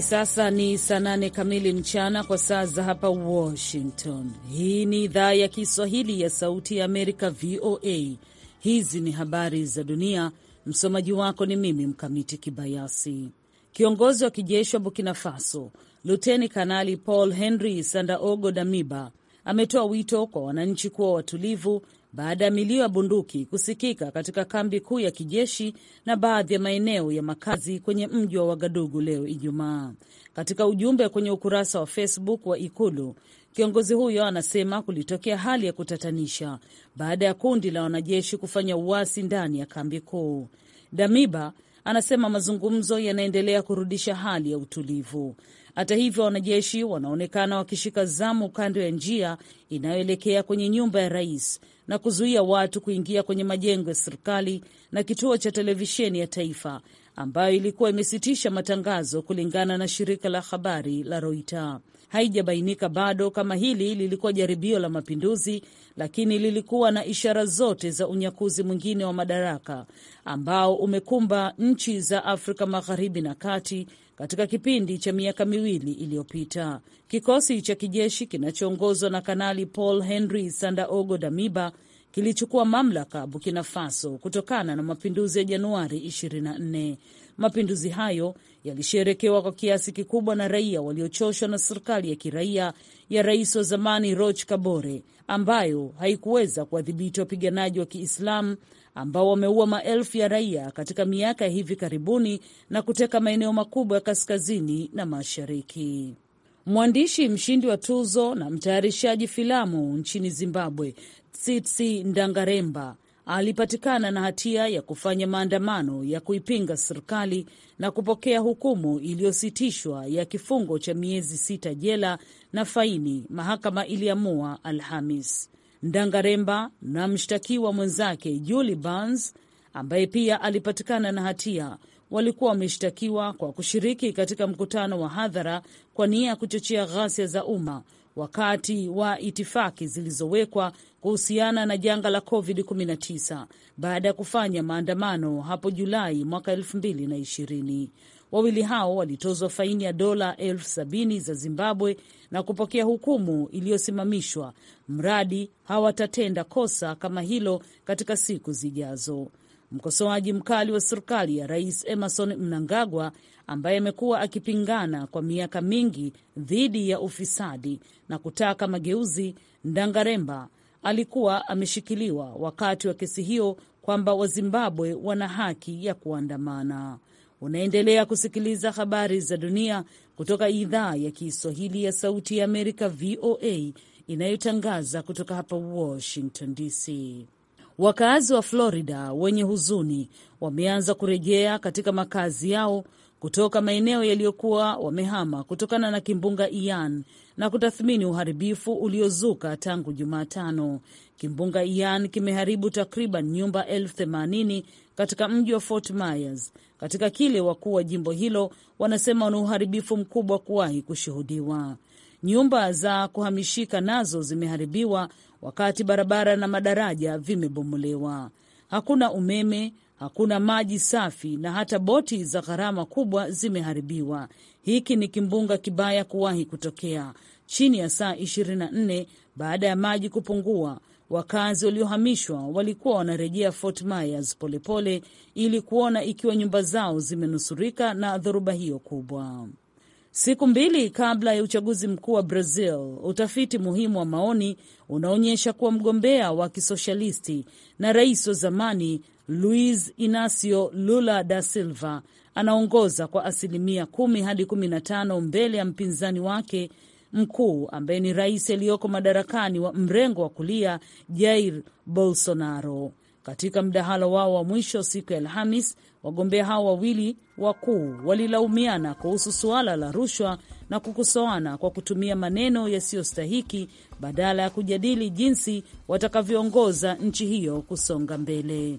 Hivi sasa ni saa nane kamili mchana kwa saa za hapa Washington. Hii ni idhaa ya Kiswahili ya Sauti ya Amerika, VOA. Hizi ni habari za dunia. Msomaji wako ni mimi Mkamiti Kibayasi. Kiongozi wa kijeshi wa Burkina Faso Luteni Kanali Paul Henry Sandaogo Damiba ametoa wito kwa wananchi kuwa watulivu baada ya milio ya bunduki kusikika katika kambi kuu ya kijeshi na baadhi ya maeneo ya makazi kwenye mji wa Wagadugu leo Ijumaa. Katika ujumbe kwenye ukurasa wa Facebook wa Ikulu, kiongozi huyo anasema kulitokea hali ya kutatanisha baada ya kundi la wanajeshi kufanya uasi ndani ya kambi kuu. Damiba anasema mazungumzo yanaendelea kurudisha hali ya utulivu. Hata hivyo, wanajeshi wanaonekana wakishika zamu kando ya njia inayoelekea kwenye nyumba ya rais na kuzuia watu kuingia kwenye majengo ya serikali na kituo cha televisheni ya taifa ambayo ilikuwa imesitisha matangazo, kulingana na shirika la habari la Reuters. Haijabainika bado kama hili lilikuwa jaribio la mapinduzi, lakini lilikuwa na ishara zote za unyakuzi mwingine wa madaraka ambao umekumba nchi za Afrika Magharibi na Kati katika kipindi cha miaka miwili iliyopita. Kikosi cha kijeshi kinachoongozwa na Kanali Paul Henry Sandaogo Damiba kilichukua mamlaka Burkina Faso kutokana na mapinduzi ya Januari 24. Mapinduzi hayo yalisherekewa kwa kiasi kikubwa na raia waliochoshwa na serikali ya kiraia ya rais wa zamani Roch Kabore ambayo haikuweza kuwadhibiti wapiganaji wa Kiislamu ambao wameua maelfu ya raia katika miaka ya hivi karibuni na kuteka maeneo makubwa ya kaskazini na mashariki. Mwandishi mshindi wa tuzo na mtayarishaji filamu nchini Zimbabwe Tsitsi Ndangaremba alipatikana na hatia ya kufanya maandamano ya kuipinga serikali na kupokea hukumu iliyositishwa ya kifungo cha miezi sita jela na faini, mahakama iliamua Alhamis. Ndangaremba na mshtakiwa mwenzake Julie Burns ambaye pia alipatikana na hatia walikuwa wameshtakiwa kwa kushiriki katika mkutano wa hadhara kwa nia ya kuchochea ghasia za umma wakati wa itifaki zilizowekwa kuhusiana na janga la COVID-19 baada ya kufanya maandamano hapo Julai mwaka 2020. Wawili hao walitozwa faini ya dola elfu sabini za Zimbabwe na kupokea hukumu iliyosimamishwa mradi hawatatenda kosa kama hilo katika siku zijazo. Mkosoaji mkali wa serikali ya Rais Emerson Mnangagwa ambaye amekuwa akipingana kwa miaka mingi dhidi ya ufisadi na kutaka mageuzi, Ndangaremba alikuwa ameshikiliwa wakati wa kesi hiyo kwamba Wazimbabwe wana haki ya kuandamana. Unaendelea kusikiliza habari za dunia kutoka idhaa ya Kiswahili ya Sauti ya Amerika, VOA, inayotangaza kutoka hapa Washington DC. Wakazi wa Florida wenye huzuni wameanza kurejea katika makazi yao kutoka maeneo yaliyokuwa wamehama kutokana na kimbunga Ian na kutathmini uharibifu uliozuka tangu Jumatano. Kimbunga Ian kimeharibu takriban nyumba elfu themanini katika mji wa Fort Myers, katika kile wakuu wa jimbo hilo wanasema ni uharibifu mkubwa kuwahi kushuhudiwa. Nyumba za kuhamishika nazo zimeharibiwa, wakati barabara na madaraja vimebomolewa. Hakuna umeme hakuna maji safi na hata boti za gharama kubwa zimeharibiwa. Hiki ni kimbunga kibaya kuwahi kutokea chini ya saa 24 baada ya maji kupungua. Wakazi waliohamishwa walikuwa wanarejea Fort Myers polepole ili kuona ikiwa nyumba zao zimenusurika na dhoruba hiyo kubwa. Siku mbili kabla ya uchaguzi mkuu wa Brazil, utafiti muhimu wa maoni unaonyesha kuwa mgombea wa kisoshalisti na rais wa zamani Luis Inacio Lula da Silva anaongoza kwa asilimia kumi hadi kumi na tano mbele ya mpinzani wake mkuu ambaye ni rais aliyoko madarakani wa mrengo wa kulia Jair Bolsonaro. Katika mdahalo wao wa mwisho siku ya Alhamis, wagombea hao wawili wakuu walilaumiana kuhusu suala la rushwa na kukosoana kwa kutumia maneno yasiyostahiki badala ya kujadili jinsi watakavyoongoza nchi hiyo kusonga mbele.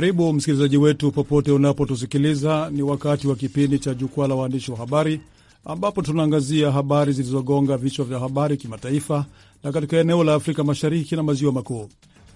Karibu msikilizaji wetu popote unapotusikiliza, ni wakati wa kipindi cha Jukwaa la Waandishi wa Habari ambapo tunaangazia habari zilizogonga vichwa vya habari kimataifa na katika eneo la Afrika Mashariki na Maziwa Makuu.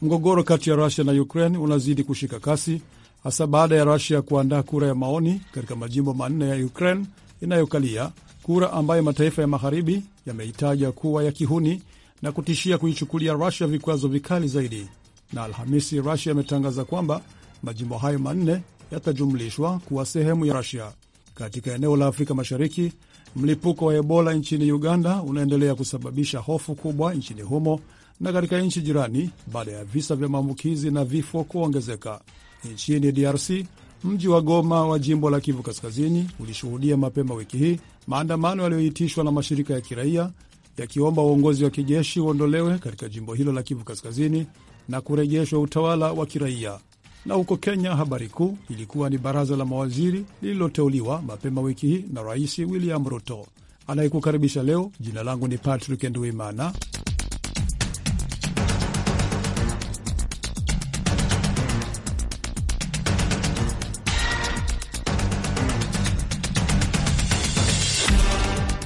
Mgogoro kati ya Rusia na Ukraine unazidi kushika kasi hasa baada ya Rusia kuandaa kura ya maoni katika majimbo manne ya Ukraine inayokalia, kura ambayo mataifa ya magharibi yamehitaja kuwa ya kihuni na kutishia kuichukulia Rusia vikwazo vikali zaidi. Na Alhamisi, Rusia ametangaza kwamba Majimbo hayo manne yatajumlishwa kuwa sehemu ya rusia Katika eneo la Afrika Mashariki, mlipuko wa Ebola nchini Uganda unaendelea kusababisha hofu kubwa nchini humo na katika nchi jirani baada ya visa vya maambukizi na vifo kuongezeka. Nchini DRC, mji wa Goma wa jimbo la Kivu Kaskazini ulishuhudia mapema wiki hii maandamano yaliyoitishwa na mashirika ya kiraia yakiomba uongozi wa kijeshi uondolewe katika jimbo hilo la Kivu Kaskazini na kurejeshwa utawala wa kiraia. Na huko Kenya, habari kuu ilikuwa ni baraza la mawaziri lililoteuliwa mapema wiki hii na Rais William Ruto. Anayekukaribisha leo, jina langu ni Patrick Nduimana.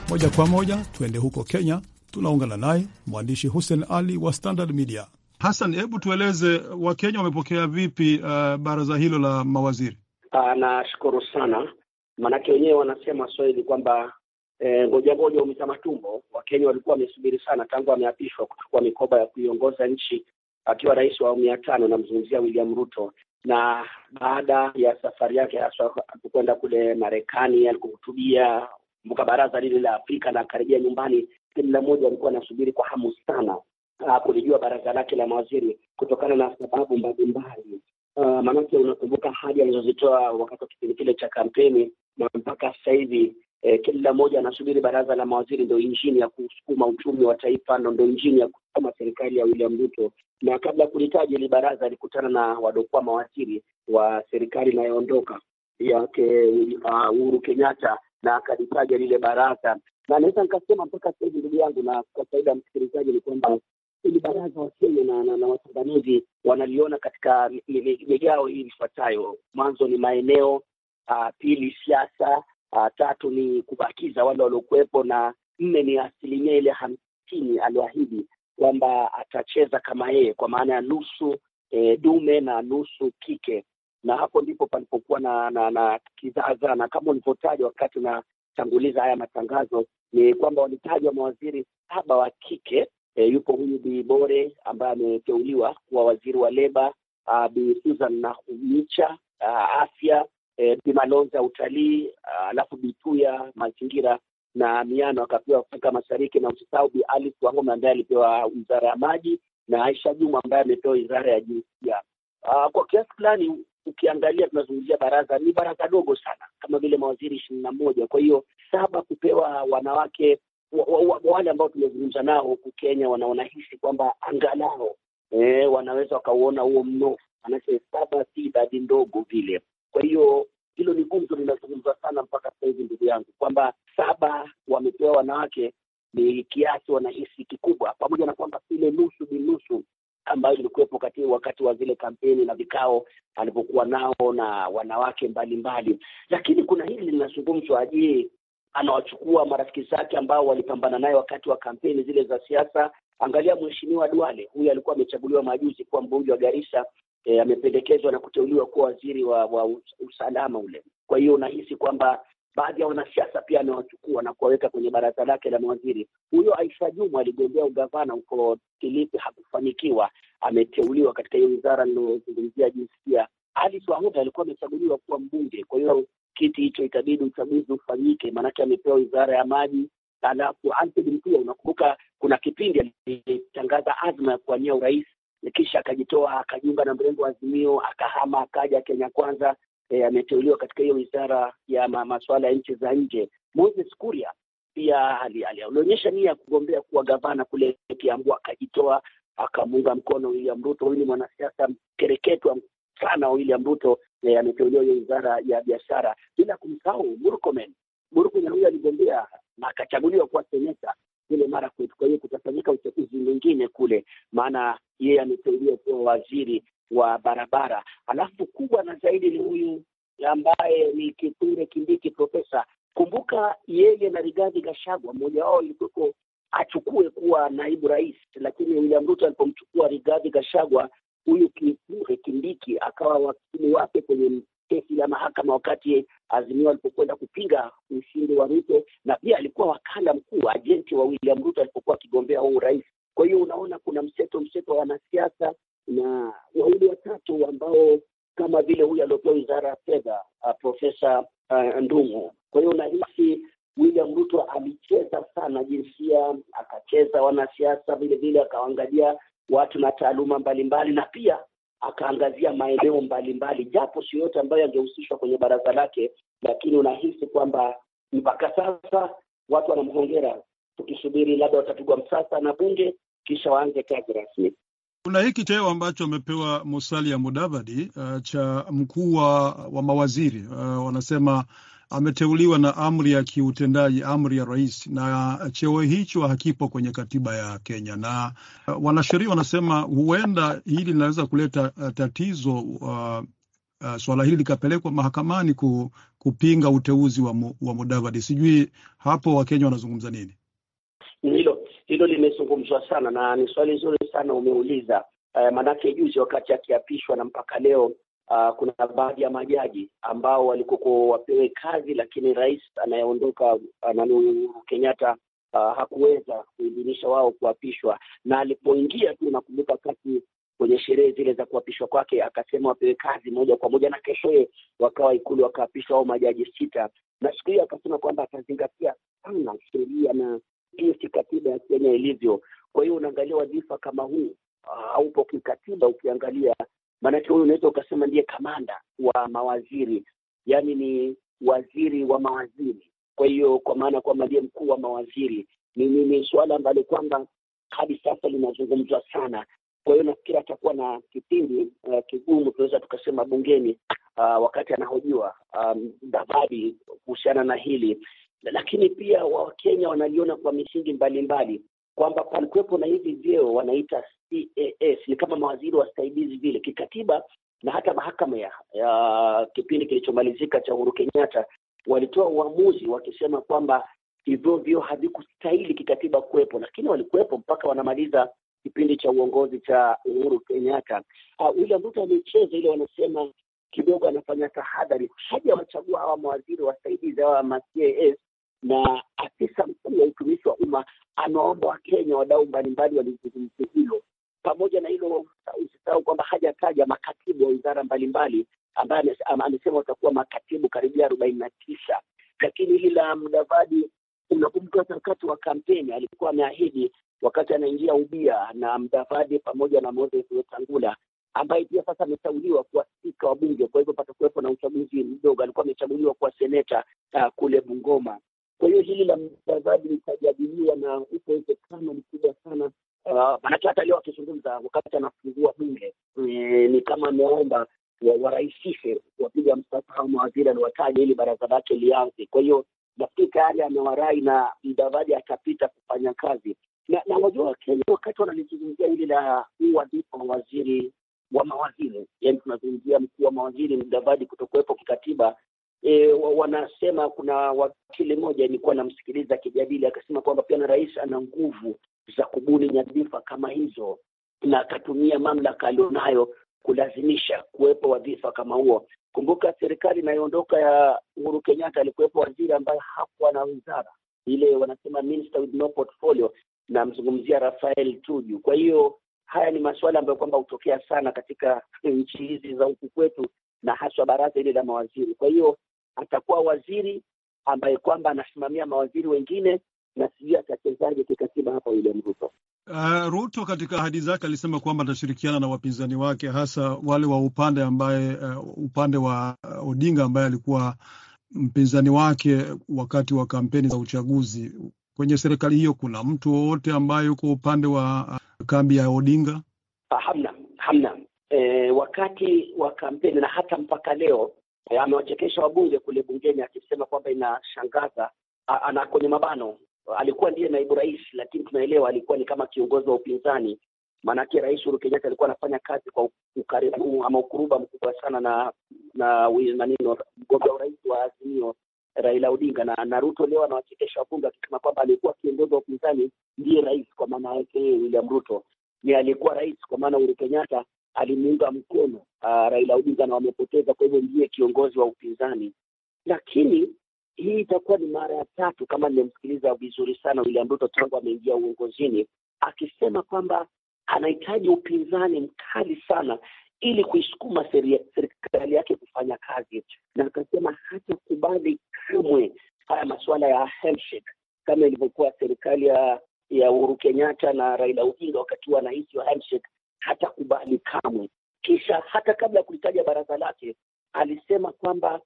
Moja kwa moja tuende huko Kenya, tunaungana naye mwandishi Hussein Ali wa Standard Media. Hassan, hebu tueleze Wakenya wamepokea vipi uh, baraza hilo la mawaziri? Ah, nashukuru sana, maanake wenyewe wanasema Swahili kwamba eh, ngoja eh, ngoja umita matumbo. Wakenya walikuwa wamesubiri sana tangu ameapishwa kuchukua mikoba ya kuiongoza nchi akiwa rais wa awamu ya tano, namzungumzia William Ruto. Na baada ya safari yake haswa alipokwenda kule Marekani alikuhutubia kumbuka baraza lile la Afrika na akarejea nyumbani, kila mmoja alikuwa anasubiri kwa hamu sana uh, kulijua baraza lake la mawaziri kutokana na sababu mbalimbali. Uh, ah, maanake unakumbuka hadi alizozitoa wakati wa kipindi kile cha kampeni na mpaka sasa hivi eh, kila mmoja anasubiri baraza la mawaziri ndo injini ya kusukuma uchumi wa taifa, ndo injini ya kusukuma serikali ya William Ruto. Na kabla ya kulitaja hili baraza, alikutana na waliokuwa mawaziri wa serikali inayoondoka yake ah, Uhuru Kenyatta na akalitaja lile baraza, na naweza nikasema mpaka sasa hivi, ndugu yangu, na kwa faida ya msikilizaji, ni kwamba ili baraza wa Kenya na, na, na wachanganuzi wanaliona katika migao hii ifuatayo: mwanzo ni maeneo, uh, pili siasa, uh, tatu ni kubakiza wale waliokuwepo, na nne ni asilimia ile hamsini alioahidi kwamba atacheza kama yeye, kwa maana ya nusu e, dume na nusu kike. Na hapo ndipo palipokuwa na na, na kizaza na kama ulivyotaja wakati unatanguliza haya matangazo, ni kwamba walitajwa mawaziri saba wa kike e, yupo huyu Bi Bore ambaye ameteuliwa kuwa waziri wa leba, ah, Bi Susan Nakhumicha ah, afya, e, Bi Malonza utalii, ah, alafu Bi Tuya mazingira na Miano akapewa Afrika Mashariki, na usisahau Bi Alice Wangome ambaye alipewa wizara ya maji na Aisha Juma ambaye amepewa wizara ya jinsia. Kwa kiasi fulani ukiangalia tunazungumzia baraza, ni baraza dogo sana kama vile mawaziri ishirini na moja. Kwa hiyo saba kupewa wanawake wale ambao tumezungumza nao huku Kenya wanaonahisi kwamba angalau eh, wanaweza wakauona huo mnofu, anasema saba si idadi ndogo vile. Kwa hiyo hilo ni gumzo linazungumzwa sana mpaka sasa hivi, ndugu yangu, kwamba saba wamepewa wanawake ni kiasi wanahisi kikubwa, pamoja na kwamba ile nusu ni nusu ambayo ilikuwepo kati wakati wa zile kampeni na vikao alipokuwa nao na wanawake mbalimbali mbali. Lakini kuna hili linazungumzwa, je, anawachukua marafiki zake ambao walipambana naye wakati wa kampeni zile za siasa. Angalia mheshimiwa Duale, huyu alikuwa amechaguliwa majuzi kuwa mbunge wa Garissa e, amependekezwa na kuteuliwa kuwa waziri wa, wa usalama ule. Kwa hiyo unahisi kwamba baadhi ya wanasiasa pia amewachukua na kuwaweka kwenye baraza lake la mawaziri. Huyo Aisha Jumu aligombea ugavana huko Kilifi, hakufanikiwa, ameteuliwa katika hiyo wizara jinsi. Pia Ali Swahuba alikuwa amechaguliwa kuwa mbunge, kwa hiyo kiti hicho, itabidi uchaguzi ufanyike, maanake amepewa wizara ya maji. Alafu Alfred Mtua, unakumbuka kuna kipindi alitangaza azma ya kuwania urais, kisha akajitoa akajiunga na mrengo wa Azimio, akahama akaja Kenya Kwanza. E, ameteuliwa katika hiyo wizara ya masuala ya nchi za nje. Moses Kuria pia alionyesha nia ya kugombea kuwa gavana kule Kiambu, akajitoa akamuunga mkono William Ruto. Huyu ni mwanasiasa mkereketwa sana William Ruto, Eh, ameteuliwa hiyo wizara ya biashara, bila kumsahau Murkomen. Murkomen huyo aligombea na akachaguliwa kuwa seneta kule mara kwetu. Kwa hiyo kutafanyika uchaguzi mwingine kule, maana yeye ameteuliwa kuwa waziri wa barabara. Alafu kubwa na zaidi ni huyu ambaye ni Kithure Kindiki, profesa. Kumbuka yeye na Rigathi Gachagua mmoja wao ilikuweko achukue kuwa naibu rais, lakini William Ruto alipomchukua Rigathi Gachagua huyu Kithure Kindiki akawa wakili wake kwenye kesi ya mahakama wakati Azimio alipokwenda kupinga ushindi wa Ruto, na pia alikuwa wakala mkuu ajenti wa William Ruto alipokuwa akigombea huu urais. Kwa hiyo unaona kuna mseto mseto wa wanasiasa na wawili watatu ambao kama vile huyu aliopewa wizara ya fedha uh, Profesa uh, Ndung'u. Kwa hiyo unahisi William Ruto alicheza sana jinsia, akacheza wanasiasa vilevile akawangalia akawaangalia watu na taaluma mbalimbali na pia akaangazia maeneo mbalimbali, japo sio yote ambayo yangehusishwa kwenye baraza lake, lakini unahisi kwamba mpaka sasa watu wanamhongera, tukisubiri labda watapigwa msasa na bunge kisha waanze kazi rasmi. Kuna hiki cheo ambacho amepewa Musalia Mudavadi uh, cha mkuu wa mawaziri uh, wanasema ameteuliwa na amri ya kiutendaji, amri ya rais, na cheo hicho hakipo kwenye katiba ya Kenya. Na uh, wanasheria wanasema huenda hili linaweza kuleta uh, tatizo uh, uh, swala hili likapelekwa mahakamani ku, kupinga uteuzi wa, mu, wa Mudavadi. Sijui hapo Wakenya wanazungumza nini? Hilo hilo limezungumzwa sana na ni swali zuri sana umeuliza. Uh, eh, manake juzi wakati akiapishwa na mpaka leo uh, kuna baadhi ya majaji ambao walikuwa wapewe kazi, lakini rais anayeondoka ah, Uhuru Kenyatta uh, hakuweza kuidhinisha wao kuapishwa, na alipoingia tu, nakumbuka kati kwenye sherehe zile za kuapishwa kwake akasema wapewe kazi moja kwa moja, na keshoye wakawa Ikulu wakaapishwa hao majaji sita, na siku hiyo akasema kwamba atazingatia sana sheria na jinsi katiba ya Kenya ilivyo. Kwa hiyo unaangalia wadhifa kama huu haupo kikatiba, ukiangalia Maanake huyu unaweza ukasema ndiye kamanda wa mawaziri, yaani ni waziri wa mawaziri. Kwa hiyo kwa maana kwamba ndiye mkuu wa mawaziri, ni, ni, ni suala ambalo kwamba hadi sasa linazungumzwa sana. Kwa hiyo nafikiri atakuwa na kipindi uh, kigumu tunaweza tukasema bungeni uh, wakati anahojiwa Mudavadi um, kuhusiana na hili, lakini pia Wakenya wanaliona kwa misingi mbalimbali mbali kwamba palikuwepo na hivi vyeo wanaita CAS, ni kama mawaziri staidizi vile kikatiba, na hata mahakama ya, ya kipindi kilichomalizika cha Uhuru Kenyatta walitoa uamuzi wakisema kwamba hivyo vyeo havikustahili kikatiba kuwepo, lakini walikuwepo mpaka wanamaliza kipindi cha uongozi cha Uhuru Kenyatta. Ah, William Ruto amecheza ile, wanasema kidogo anafanya tahadhari, hajawachagua hawa mawaziri wasaidizi hawa ma CAS na afisa mkuu wa utumishi wa umma ameomba Wakenya wadau mbalimbali walizungumzia hilo. Pamoja na hilo, usisahau kwamba hajataja makatibu wa wizara mbalimbali ambaye amesema watakuwa makatibu karibia arobaini na tisa. Lakini hili la mdavadi unakumbuka wakati wa kampeni alikuwa ameahidi wakati anaingia ubia na Mdavadi pamoja na Moses Wetangula ambaye pia sasa ameteuliwa kuwa spika wa bunge. Kwa hivyo patakuwepo na uchaguzi mdogo. Alikuwa amechaguliwa kuwa seneta uh, kule Bungoma. Kwa hiyo hili la mtazaji litajadiliwa na upo uwezekano mkubwa sana uh, maanake, uh, hata leo akizungumza wakati anafungua bunge eh, ni kama ameomba warahisishe wapiga msasa au mawaziri aliwataja ili baraza lake lianze. Kwa hiyo nafikiri tayari amewarai na Mdavadi atapita kufanya kazi na, na wajua Wakenya wakati wanalizungumzia hili la huu wadhifa wa waziri wa mawaziri, yani tunazungumzia mkuu wa mawaziri Mdavadi kutokuwepo kikatiba, e, wanasema kuna wakili mmoja nilikuwa namsikiliza akijadili, akasema kwamba pia na rais ana nguvu za kubuni nyadhifa kama hizo, na akatumia mamlaka aliyonayo kulazimisha kuwepo wadhifa kama huo. Kumbuka serikali inayoondoka ya Uhuru Kenyatta alikuwepo waziri ambaye hakuwa na wizara ile, wanasema minister with no portfolio, na mzungumzia Rafael Tuju. Kwa hiyo haya ni masuala ambayo kwamba hutokea sana katika nchi hizi za huku kwetu, na haswa baraza ile la mawaziri. Kwa hiyo atakuwa waziri ambaye kwamba anasimamia mawaziri wengine, na sijui atachezaje kikatiba hapa William Ruto. Uh, Ruto katika ahadi zake alisema kwamba atashirikiana na wapinzani wake hasa wale wa upande ambaye uh, upande wa uh, Odinga ambaye alikuwa mpinzani wake wakati wa kampeni za uchaguzi. Kwenye serikali hiyo kuna mtu wowote ambaye yuko upande wa uh, kambi ya Odinga? Ah, hamna, hamna. E, wakati wa kampeni na hata mpaka leo e, amewachekesha wabunge kule bungeni akisema kwamba inashangaza ana kwenye mabano alikuwa ndiye naibu rais, lakini tunaelewa alikuwa ni kama kiongozi wa upinzani. Maanake Rais Uhuru Kenyatta alikuwa anafanya kazi kwa ukaribu ama ukuruba mkubwa sana na na nanino mgombea urais wa Azimio Raila Odinga na, na Ruto leo anawachekesha wabunge akisema kwamba alikuwa kiongozi wa upinzani ndiye rais, kwa maana yake William Ruto ni aliyekuwa rais, kwa maana Uhuru Kenyatta alimuunga mkono uh, Raila Odinga na wamepoteza, kwa hivyo ndiye kiongozi wa upinzani. Lakini hii itakuwa ni mara ya tatu, kama nimemsikiliza vizuri sana William Ruto tangu ameingia uongozini, akisema kwamba anahitaji upinzani mkali sana ili kuisukuma serikali yake kufanya kazi, na akasema hatakubali kamwe haya masuala ya handshake kama ilivyokuwa serikali ya ya Uhuru Kenyatta na Raila Odinga wakati wanahisi wa handshake hatakubali kamwe. Kisha hata kabla ya kulitaja baraza lake alisema kwamba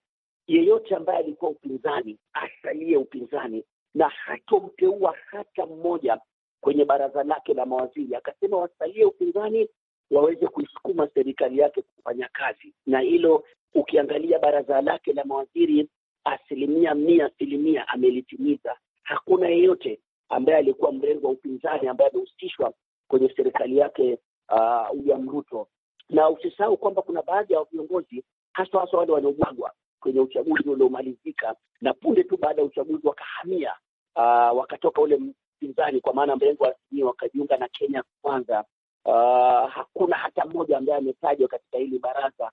yeyote ambaye alikuwa upinzani asalie upinzani na hatomteua hata mmoja kwenye baraza lake la mawaziri. Akasema wasalie upinzani waweze kuisukuma serikali yake kufanya kazi, na hilo ukiangalia baraza lake la mawaziri asilimia mia asilimia amelitimiza. Hakuna yeyote ambaye alikuwa mrengo wa upinzani ambaye amehusishwa kwenye serikali yake uh, Ruto, na usisahau kwamba kuna baadhi ya viongozi haswa haswa wale waliobwagwa kwenye uchaguzi uliomalizika, na punde tu baada ya uchaguzi wakahamia, uh, wakatoka ule mpinzani, kwa maana mrengo wa Azimio, wakajiunga na Kenya Kwanza. Uh, hakuna hata mmoja ambaye ametajwa katika hili baraza.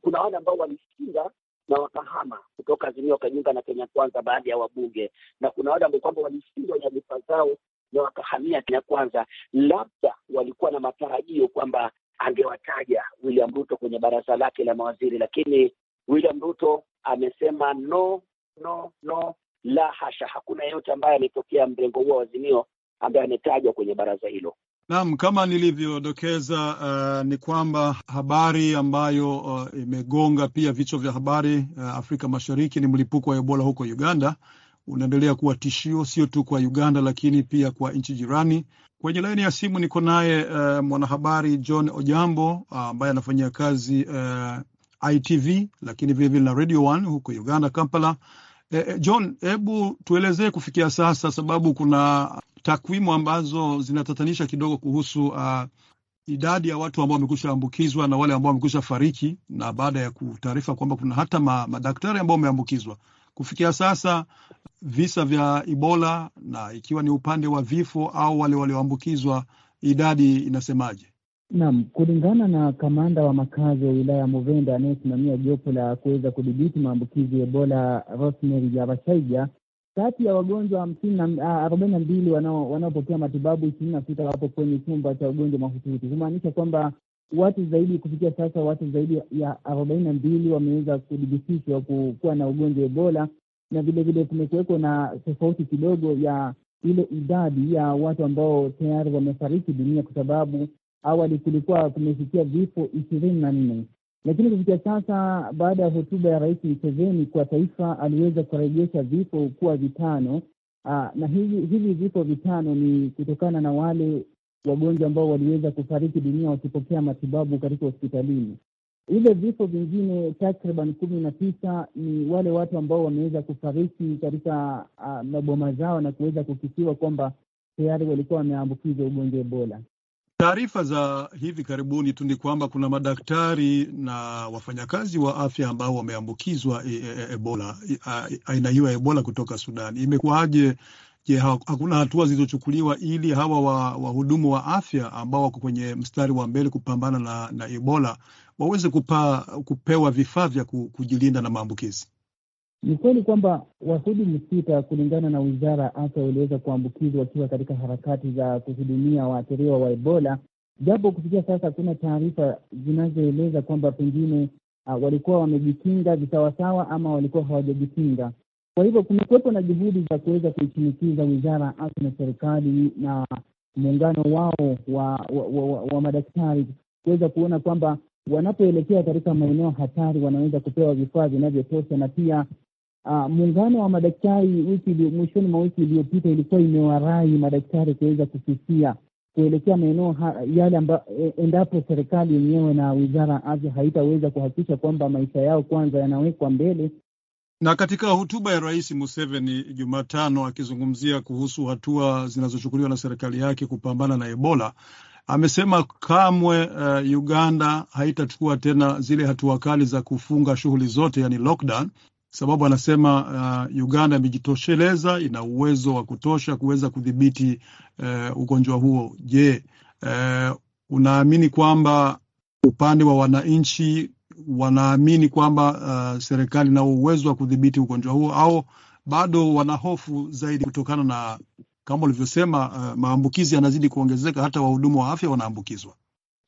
kuna wale ambao walishinda na wakahama kutoka Azimio wakajiunga na Kenya Kwanza, baadhi ya wabunge, na kuna wale ambao kwamba walishindwa nyadhifa zao na wakahamia Kenya Kwanza. Labda walikuwa na matarajio kwamba angewataja William Ruto kwenye baraza lake la mawaziri, lakini William Ruto amesema no, no, no, la hasha. Hakuna yeyote ambaye ametokea mrengo huo wa Azimio ambaye ametajwa kwenye baraza hilo. Naam, kama nilivyodokeza, uh, ni kwamba habari ambayo uh, imegonga pia vichwa vya habari uh, Afrika Mashariki ni mlipuko wa Ebola huko Uganda unaendelea kuwa tishio sio tu kwa Uganda lakini pia kwa nchi jirani Kwenye laini ya simu niko naye uh, mwanahabari John Ojambo ah, ambaye uh, anafanyia kazi uh, eh, ITV lakini vilevile na Radio One huko Uganda, Kampala. Eh, eh, John, hebu tuelezee kufikia sasa, sababu kuna takwimu ambazo zinatatanisha kidogo kuhusu uh, idadi ya watu ambao wamekusha ambukizwa na wale ambao wamekusha fariki, na baada ya kutaarifa kwamba kuna hata ma, madaktari ambao wameambukizwa kufikia sasa visa vya Ebola na ikiwa ni upande wa vifo au wale walioambukizwa, idadi inasemaje? Naam, kulingana na kamanda wa makazi wa wilaya ya Muvenda anayesimamia jopo la kuweza kudhibiti maambukizi ya Ebola, Rosemary Yabashaija, kati ya wagonjwa hamsini ah, arobaini na mbili wanaopokea matibabu ishirini na sita wapo kwenye chumba cha wagonjwa mahututi, kumaanisha kwamba watu zaidi kufikia sasa watu zaidi ya arobaini na mbili wameweza kudhibitishwa kuwa na ugonjwa wa Ebola na vilevile kumekuwekwa na tofauti kidogo ya ile idadi ya watu ambao tayari wamefariki dunia, kwa sababu awali kulikuwa kumefikia vifo ishirini na nne lakini kufikia sasa, baada ya hotuba ya Rais mseveni kwa taifa, aliweza kurejesha vifo kuwa vitano. Aa, ah, na hivi hivi vifo vitano ni kutokana na wale wagonjwa ambao waliweza kufariki dunia wakipokea matibabu katika hospitalini. Hivyo vifo vingine takriban kumi na tisa ni wale watu ambao wameweza kufariki katika uh, maboma zao na kuweza kukisiwa kwamba tayari walikuwa wameambukizwa ugonjwa Ebola. Taarifa za hivi karibuni tu ni kwamba kuna madaktari na wafanyakazi wa afya ambao wameambukizwa e e e Ebola, aina hiyo ya Ebola kutoka Sudan. Imekuwaje? Je, hakuna hatua zilizochukuliwa ili hawa wahudumu wa, wa afya ambao wako kwenye mstari wa mbele kupambana na, na Ebola waweze kupa, kupewa vifaa vya kujilinda na maambukizi. Ni kweli kwamba wahudumu sita kulingana na wizara ya afya waliweza kuambukizwa wakiwa katika harakati za kuhudumia waathiriwa wa Ebola, japo kufikia sasa hakuna taarifa zinazoeleza kwamba pengine uh, walikuwa wamejikinga visawasawa ama walikuwa hawajajikinga. Kwa hivyo kumekuwepo na juhudi za kuweza kuishinikiza wizara ya afya na serikali na muungano wao wa, wa, wa, wa, wa madaktari kuweza kuona kwamba wanapoelekea katika maeneo hatari wanaweza kupewa vifaa vinavyotosha na pia Uh, muungano wa madaktari wiki mwishoni mwa wiki iliyopita ilikuwa imewarai madaktari kuweza kususia kuelekea maeneo yale ambayo e, endapo serikali yenyewe na wizara ya afya haitaweza kuhakikisha kwamba maisha yao kwanza yanawekwa mbele. Na katika hotuba ya Rais Museveni Jumatano akizungumzia kuhusu hatua zinazochukuliwa na serikali yake kupambana na Ebola, amesema kamwe uh, Uganda haitachukua tena zile hatua kali za kufunga shughuli zote, yani lockdown, sababu anasema uh, Uganda imejitosheleza, ina uwezo wa kutosha kuweza kudhibiti uh, ugonjwa huo. Je, uh, unaamini kwamba upande wa wananchi wanaamini kwamba uh, serikali ina uwezo wa kudhibiti ugonjwa huo au bado wana hofu zaidi kutokana na kama ulivyosema, uh, maambukizi yanazidi kuongezeka, hata wahudumu wa afya wanaambukizwa.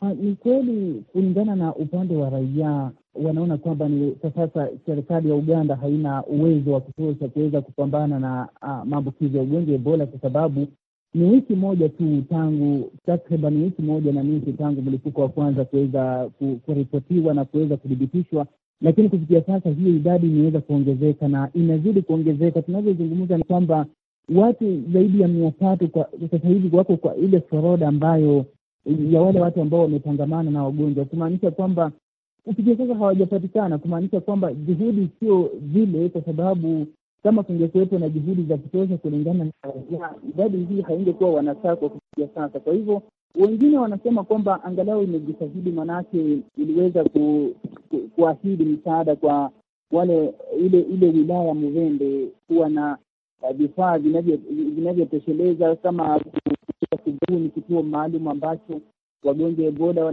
Ah, ni kweli, kulingana na upande wa raia wanaona kwamba ni kwa sasa serikali ya Uganda haina uwezo wa kutosha kuweza kupambana na uh, maambukizi ya ugonjwa Ebola kwa sababu ni wiki moja tu tangu takriban wiki moja na nusu tangu mlipuko wa kwanza kuweza kuripotiwa na kuweza kudhibitishwa, lakini kufikia sasa hiyo idadi imeweza kuongezeka na inazidi kuongezeka. Tunavyozungumza ni kwamba watu zaidi ya mia tatu kwa sasa hivi wako kwa ile foroda ambayo ya wale watu ambao wametangamana na wagonjwa, kumaanisha kwamba kufikia sasa hawajapatikana, kumaanisha kwamba juhudi sio zile, kwa sababu kama kungekuwepo na juhudi za kutosha kulingana na idadi hii haingekuwa wanasakwa kufikia sasa. Kwa hivyo wengine wanasema kwamba angalau imejitahidi, manake iliweza ku, ku, kuahidi msaada kwa wale ile ile wilaya Mvende kuwa na Eh, vifaa vinavyotosheleza kama ni kituo maalum ambacho wagonjwa Ebola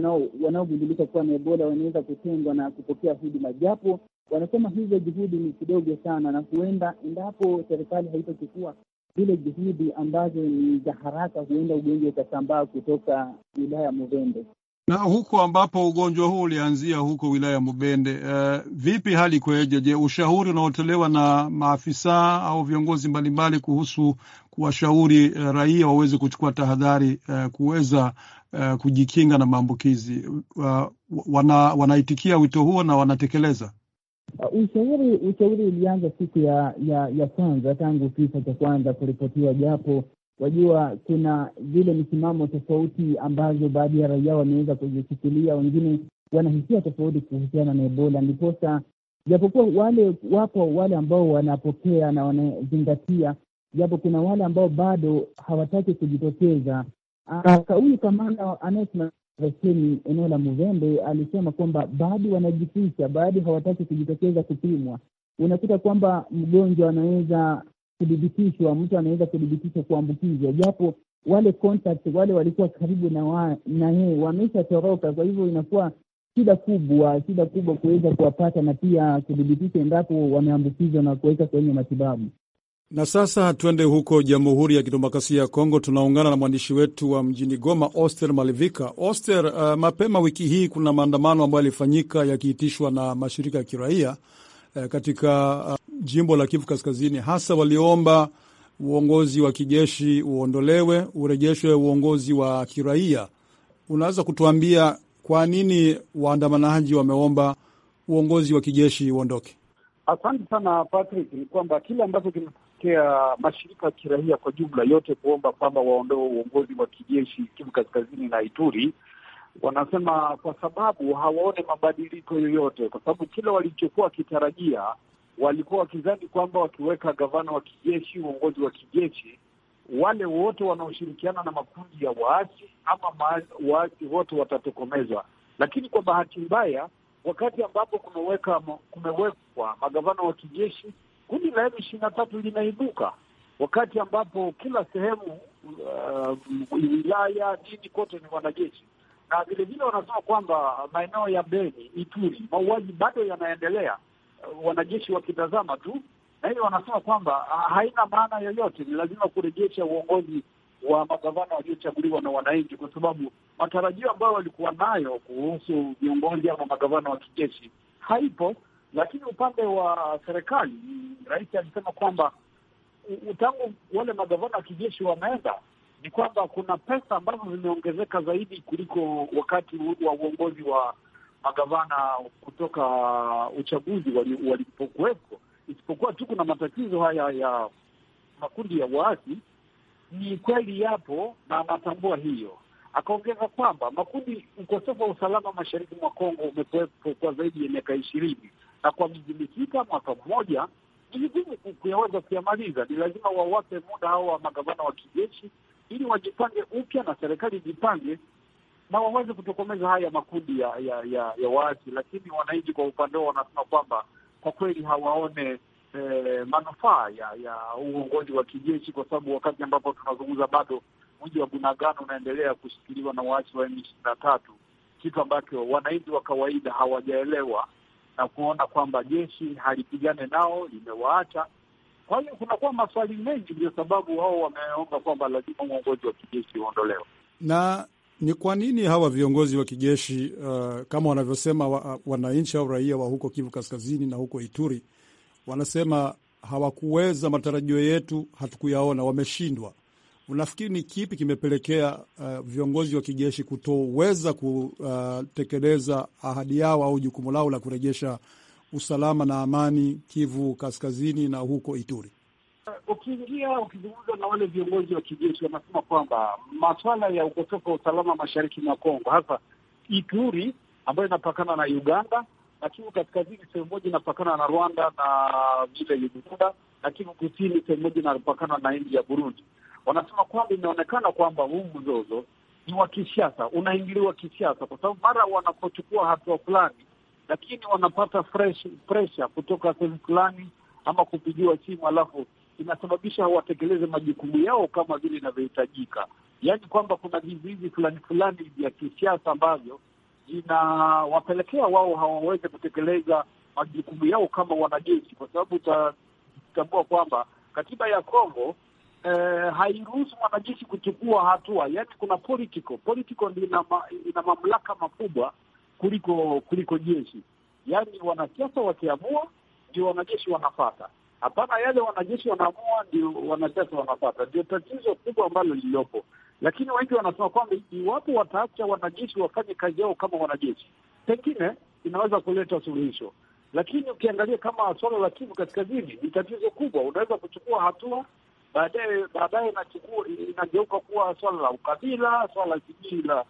wanaogundulika kuwa na Ebola wanaweza kutengwa na kupokea huduma, japo wanasema hizo juhudi ni kidogo sana, na huenda endapo serikali haitochukua zile juhudi ambazo ni za haraka, huenda ugonjwa ukasambaa kutoka wilaya Muvende. Na huko ambapo ugonjwa huu ulianzia huko wilaya ya Mubende, uh, vipi hali ikoje? Je, ushauri unaotolewa na maafisa au viongozi mbalimbali kuhusu kuwashauri uh, raia waweze kuchukua tahadhari uh, kuweza uh, kujikinga na maambukizi uh, wana, wanaitikia wito huo na wanatekeleza? Ushauri ushauri ulianza siku ya ya, ya kwanza tangu kisa cha kwanza kuripotiwa, japo Wajua, kuna zile misimamo tofauti ambazo baadhi ya raia wameweza kuzishikilia, wengine wanahisia tofauti kuhusiana na Ebola, ndiposa japokuwa wale wapo wale ambao wanapokea na wanazingatia, japo kuna wale ambao bado hawataki kujitokeza. Huyu ah, kamanda anayesimamia operesheni eneo la Muvembe alisema kwamba baadhi wanajificha, baadhi hawataki kujitokeza kupimwa. Unakuta kwamba mgonjwa anaweza kudhibitishwa, mtu anaweza kudhibitishwa kuambukizwa, japo wale contact, wale walikuwa karibu na wa, na yeye wameshatoroka. Kwa hivyo inakuwa shida kubwa, shida kubwa kuweza kuwapata na pia kudhibitisha endapo wameambukizwa na kuweka kwenye matibabu. Na sasa twende huko Jamhuri ya Kidemokrasia ya Kongo. Tunaungana na mwandishi wetu wa mjini Goma, Oster Malivika. Oster, uh, mapema wiki hii kuna maandamano ambayo yalifanyika yakiitishwa na mashirika ya kiraia eh, katika uh, jimbo la Kivu Kaskazini, hasa waliomba uongozi wa kijeshi uondolewe, urejeshwe uongozi wa kiraia. Unaweza kutuambia kwa nini waandamanaji wameomba uongozi wa kijeshi uondoke? Asante sana Patrick. Ni kwamba kile ambacho kinatokea mashirika ya kiraia kwa jumla yote kuomba kwamba waondoe uongozi wa kijeshi Kivu Kaskazini na Ituri wanasema kwa sababu hawaone mabadiliko yoyote, kwa sababu kile walichokuwa wakitarajia walikuwa wakizani kwamba wakiweka gavana wa kijeshi, uongozi wa kijeshi, wale wote wanaoshirikiana na makundi ya waasi ama waasi wote watatokomezwa. Lakini kwa bahati mbaya, wakati ambapo kumeweka kumewekwa magavana wa kijeshi, kundi la M ishirini na tatu linaibuka, wakati ambapo kila sehemu uh, wilaya nini kote ni wanajeshi na vilevile wanasema kwamba maeneo ya Beni, Ituri, mauaji bado yanaendelea, eh, wanajeshi wakitazama tu, na hiyo wanasema kwamba ah, haina maana yoyote. Ni lazima kurejesha uongozi wa magavana waliochaguliwa na wananchi, kwa sababu matarajio ambayo walikuwa nayo kuhusu viongozi ama magavana wa kijeshi haipo. Lakini upande wa serikali, rais alisema kwamba tangu wale magavana wa kijeshi wameenda ni kwamba kuna pesa ambazo zimeongezeka zaidi kuliko wakati wa uongozi wa magavana kutoka uchaguzi walipokuwepo, isipokuwa tu kuna matatizo haya ya makundi ya waasi. Ni kweli yapo na anatambua hiyo. Akaongeza kwamba makundi, ukosefu wa usalama mashariki mwa Kongo umekuwepo kwa zaidi ya miaka ishirini na kwa miezi misita, mwaka mmoja, ni vigumu kuyaweza kuyamaliza. Ni lazima wawape muda hao wa magavana wa kijeshi ili wajipange upya na serikali ijipange na waweze kutokomeza haya makundi ya ya, ya, ya waasi. Lakini wananchi kwa upande wao wanasema kwamba kwa kweli hawaone eh, manufaa ya ya uongozi wa kijeshi, kwa sababu wakati ambapo tunazungumza bado mji wa Bunagana unaendelea kushikiliwa na waasi wa M ishirini na tatu, kitu ambacho wananchi wa kawaida hawajaelewa na kuona kwamba jeshi halipigane nao, limewaacha kwa hiyo kunakuwa maswali mengi, ndio sababu wao wameomba kwamba lazima uongozi wa kijeshi uondolewe. Na ni kwa nini hawa viongozi wa kijeshi uh, kama wanavyosema wa, uh, wananchi au raia wa huko Kivu Kaskazini na huko Ituri wanasema hawakuweza, matarajio yetu hatukuyaona, wameshindwa. Unafikiri ni kipi kimepelekea uh, viongozi wa kijeshi kutoweza kutekeleza uh, ahadi yao au jukumu lao la kurejesha usalama na amani Kivu Kaskazini na huko Ituri? Ukiingia ukizungumza na wale viongozi wa kijeshi wanasema kwamba maswala ya ukosefu wa usalama mashariki mwa Kongo, hasa Ituri ambayo inapakana na Uganda na Kivu Kaskazini sehemu moja inapakana na Rwanda na vile Uganda, na Kivu Kusini sehemu moja inapakana na nchi ya Burundi. Wanasema kwamba inaonekana kwamba huu mzozo ni wa kisiasa, unaingiliwa kisiasa, kwa sababu mara wanapochukua hatua fulani lakini wanapata fresh pressure kutoka sehemu fulani ama kupigiwa simu, alafu inasababisha hawatekeleze majukumu yao kama vile inavyohitajika. Yaani kwamba kuna vizuizi fulani fulani vya kisiasa ambavyo vinawapelekea wao hawaweze kutekeleza majukumu yao kama wanajeshi, kwa sababu utatambua kwamba katiba ya Kongo eh, hairuhusu mwanajeshi kuchukua hatua. Yaani kuna political political, ndio ina mamlaka makubwa kuliko kuliko jeshi. Yaani wanasiasa wakiamua ndio wanajeshi wanafata, hapana yale wanajeshi wanaamua ndio wanasiasa wanafata. Ndio tatizo kubwa ambalo lililopo, lakini wengi wanasema kwamba iwapo wataacha wanajeshi wafanye kazi yao kama wanajeshi, pengine inaweza kuleta suluhisho. Lakini ukiangalia kama swala la Kivu Kaskazini ni tatizo kubwa, unaweza kuchukua hatua baadaye, baadaye inageuka kuwa swala la ukabila, swala sijui la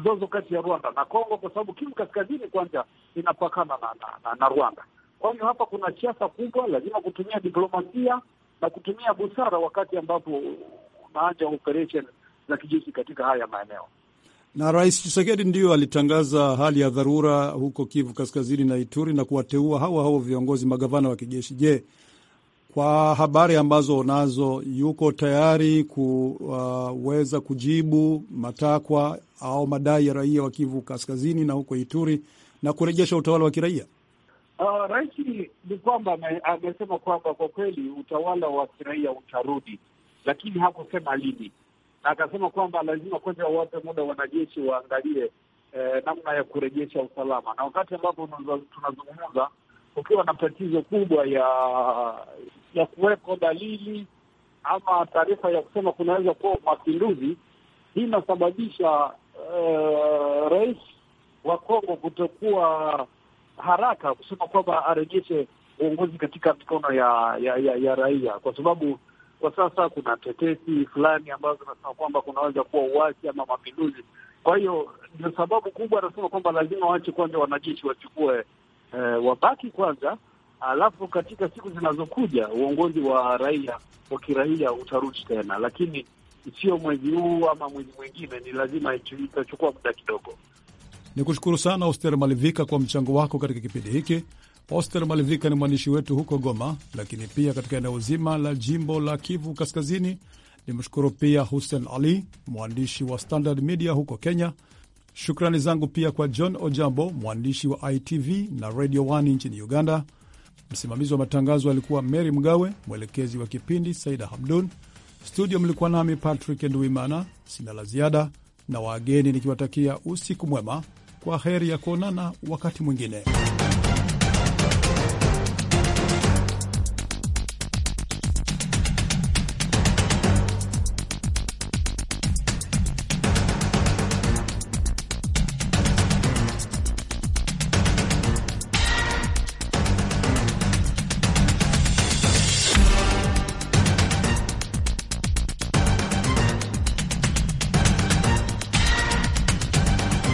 mzozo kati ya Rwanda na Kongo, kwa sababu Kivu Kaskazini kwanza inapakana na, na, na, na Rwanda. Kwa hiyo hapa kuna siasa kubwa, lazima kutumia diplomasia na kutumia busara wakati ambapo unaanja operation za kijeshi katika haya maeneo. Na Rais Tshisekedi ndiyo alitangaza hali ya dharura huko Kivu Kaskazini na Ituri na kuwateua hawa hao viongozi magavana wa kijeshi. Je, kwa habari ambazo unazo, yuko tayari kuweza uh, kujibu matakwa au madai ya raia wa Kivu Kaskazini na huko Ituri na kurejesha utawala wa kiraia? Uh, rais ni kwamba amesema kwamba kwa kweli utawala wa kiraia utarudi, lakini hakusema lini. na Akasema kwamba lazima kwanza wape muda wanajeshi waangalie eh, namna ya kurejesha usalama, na wakati ambapo tunazungumza kukiwa na tatizo kubwa ya ya kuweko dalili ama taarifa ya kusema kunaweza kuwa mapinduzi. Hii inasababisha uh, rais wa Kongo kutokuwa haraka kusema kwamba arejeshe uongozi katika mikono ya ya, ya ya raia, kwa sababu kwa sasa kuna tetesi fulani ambazo zinasema kwamba kunaweza kuwa uasi ama mapinduzi. Kwa hiyo ndio sababu kubwa anasema kwamba lazima waache kwanza wanajeshi wachukue eh, wabaki kwanza, alafu katika siku zinazokuja uongozi wa raia wa kiraia utarudi tena, lakini sio mwezi huu ama mwezi mwingine, ni lazima itachukua muda kidogo. Ni kushukuru sana Oster Malivika kwa mchango wako katika kipindi hiki. Oster Malivika ni mwandishi wetu huko Goma, lakini pia katika eneo zima la jimbo la Kivu Kaskazini. Nimshukuru pia Hussein Ali, mwandishi wa Standard Media huko Kenya, Shukrani zangu pia kwa John Ojambo, mwandishi wa ITV na Radio 1 nchini Uganda. Msimamizi wa matangazo alikuwa Mary Mgawe, mwelekezi wa kipindi Saida Hamdun. Studio mlikuwa nami Patrick Nduimana. Sina la ziada na wageni nikiwatakia usiku mwema. Kwa heri ya kuonana wakati mwingine.